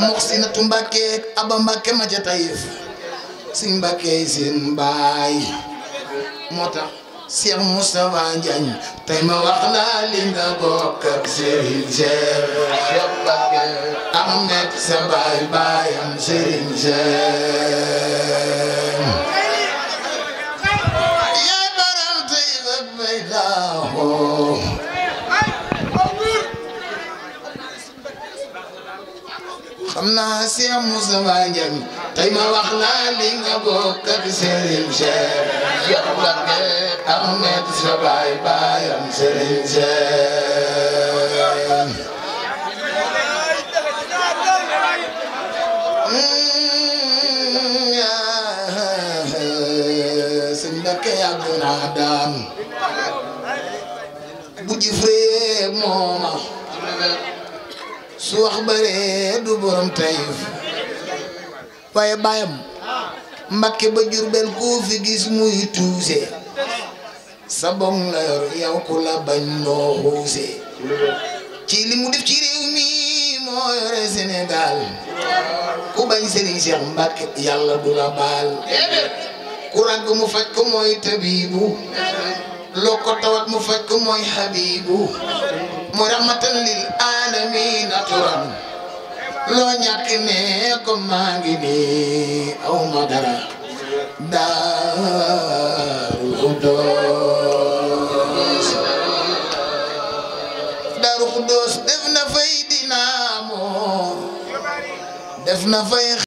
Muxsinatu Mbàkke Aba Mbàkke ma ca Taïf sëñ Mbàkke seen baay moo tax tey ma wax la li nga bokk ak baayam Serigne Cheikh yaay baram tey rek may daaxoo xam naa Cheikh Moustapha tey ma wax la li nga bokk ak Serigne Cheikh yow Mbacké Ahmed sa baay baayam Serigne Cheikh bu su wax bare du borom waaye baayam mbakke ba Jurbel koo fi gis muy tuuse sa bong la ku la bañ noo xuuse mu def ci réew mi moo yore ku bañ sëriñ Mbakke yàlla du la baal ku ràgg mu faj ko mooy tabibu tawat mu faj ko mooy habibu mu rahmatan lil alamina turam loo ñàkk ne ko maa ngi nii aw ma dara daarul def na fay dinaamo def na